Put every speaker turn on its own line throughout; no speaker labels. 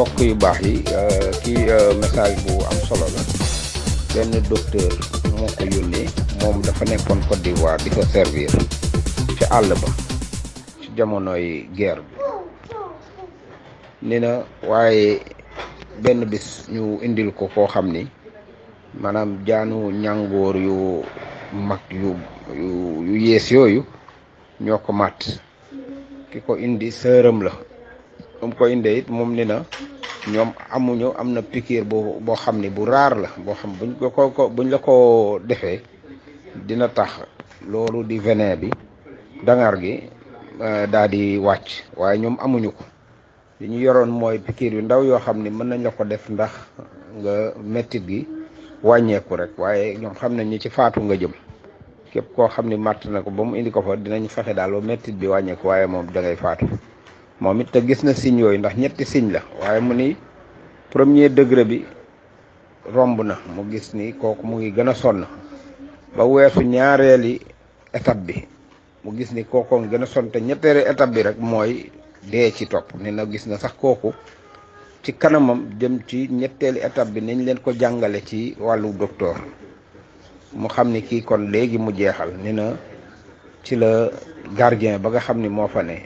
mbokk yu baax yi euh, kii euh, message bu am solo la benn docteur moo ko yónnee moom dafa nekkoon Côte d'Ivoire di ko servir ci àll ba ci jamonoy guerre ni na waaye benn bis ñu indil ko koo xam ni maanaam jaanu ñàngoor yu mag yu yu yees yooyu ñoo ko màtt ki ko indi sëram la ba koy indee moom ni na ñoom amuñu am na pikiir bu xam ne bu raar la boo xam buñ ko ko buñ la ko defee dina tax loolu di venin bi dangar gi euh, daa di wàcc waaye ñoom amuñu ko li ñu yoroon mooy piqûre yu ndaw yoo xam ne mën nañ la ko def ndax nga mettit gi wàññeeku rek waaye ñoom xam nañ ñu ci faatu nga jëm képp koo xam ni màtt na ko ba mu indi ko fa dinañ fexe daal ba mettit bi wàññeeku waaye moom da ngay faatu moom it te gis na signe yooyu ndax ñetti signe la waaye mu ni premier degré bi romb na mu gis ni kooku mu ngi gën a sonn ba weesu ñaareeli étape bi mu gis ni kooku ngi gën a sonn te ñetteeli étape bi rek mooy dee ci topp ni na gis na sax kooku ci kanamam jëm ci ñetteeli étape bi niñ leen ko jàngale ci wàllu docteur mu xam ni kii kon léegi mu jeexal ni na ci la gardien ba nga xam ni moo fa ne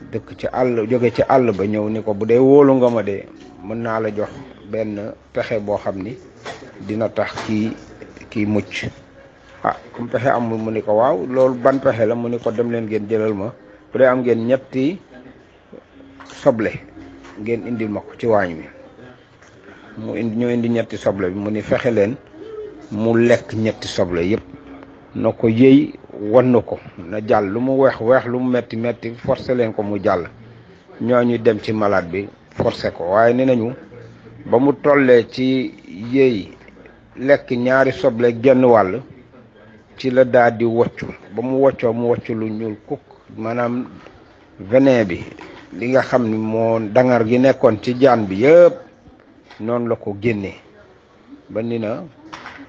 dëkk ci àll jóge ci àll ba ñëw ni ko bu dee wóolu nga ma de mën naa la jox benn pexe boo xam ni dina tax kii kii mucc ah comme pexe amul mu ni ko waaw loolu ban pexe la mu ni ko dem leen ngeen jëlal ma bu dee am ngeen ñetti soble ngeen indil ma ko ci waañ wi mu indi ñu indi ñetti soble bi mu ni fexe leen mu lekk ñetti soble yépp na ko yëy wan na ko na jàll lu mu weex weex lu mu metti metti forcé leen ko mu jàll ñoo ñu dem ci malaat bi forcé ko waaye ni nañu ba mu tollee ci yéey lekk ñaari soble genn wàll ci la daal di woccu ba mu woccoo mu woccu lu ñuul kukk maanaam venin bi li nga xam ni moo dangar gi nekkoon ci jaan bi yëpp noonu la ko génnee ba ni na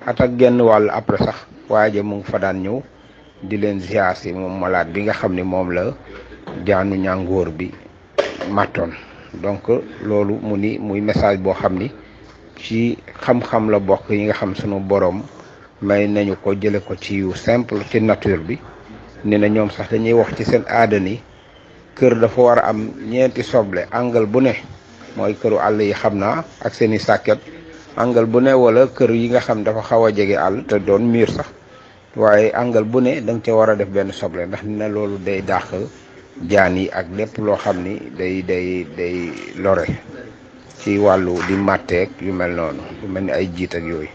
at genn wàll après sax waaye ja mu fa daan ñëw di leen ziar moom malaat bi nga xam ni moom la jaanu ñàngoor bi màttoon donc loolu mu ni muy message boo xam ni ci xam-xam la bokk yi nga xam sunu borom may nañu ko jële ko ci yu simple ci nature bi ne na ñoom sax dañuy wax ci seen aada ni kër dafa war a am ñeenti soble angle bu ne mooy këru àll yi xam naa ak seeni sàkket angle bu ne wala kër yi nga xam dafa xaw a jege àll te doon miir sax waaye àngal bu ne da nga ca war a def benn soble ndax ne loolu day dàq jaan yi ak lépp loo xam ni day day day lore ci wàllu di màtteeg yu mel noonu lu mel ni ay jiit yooyu.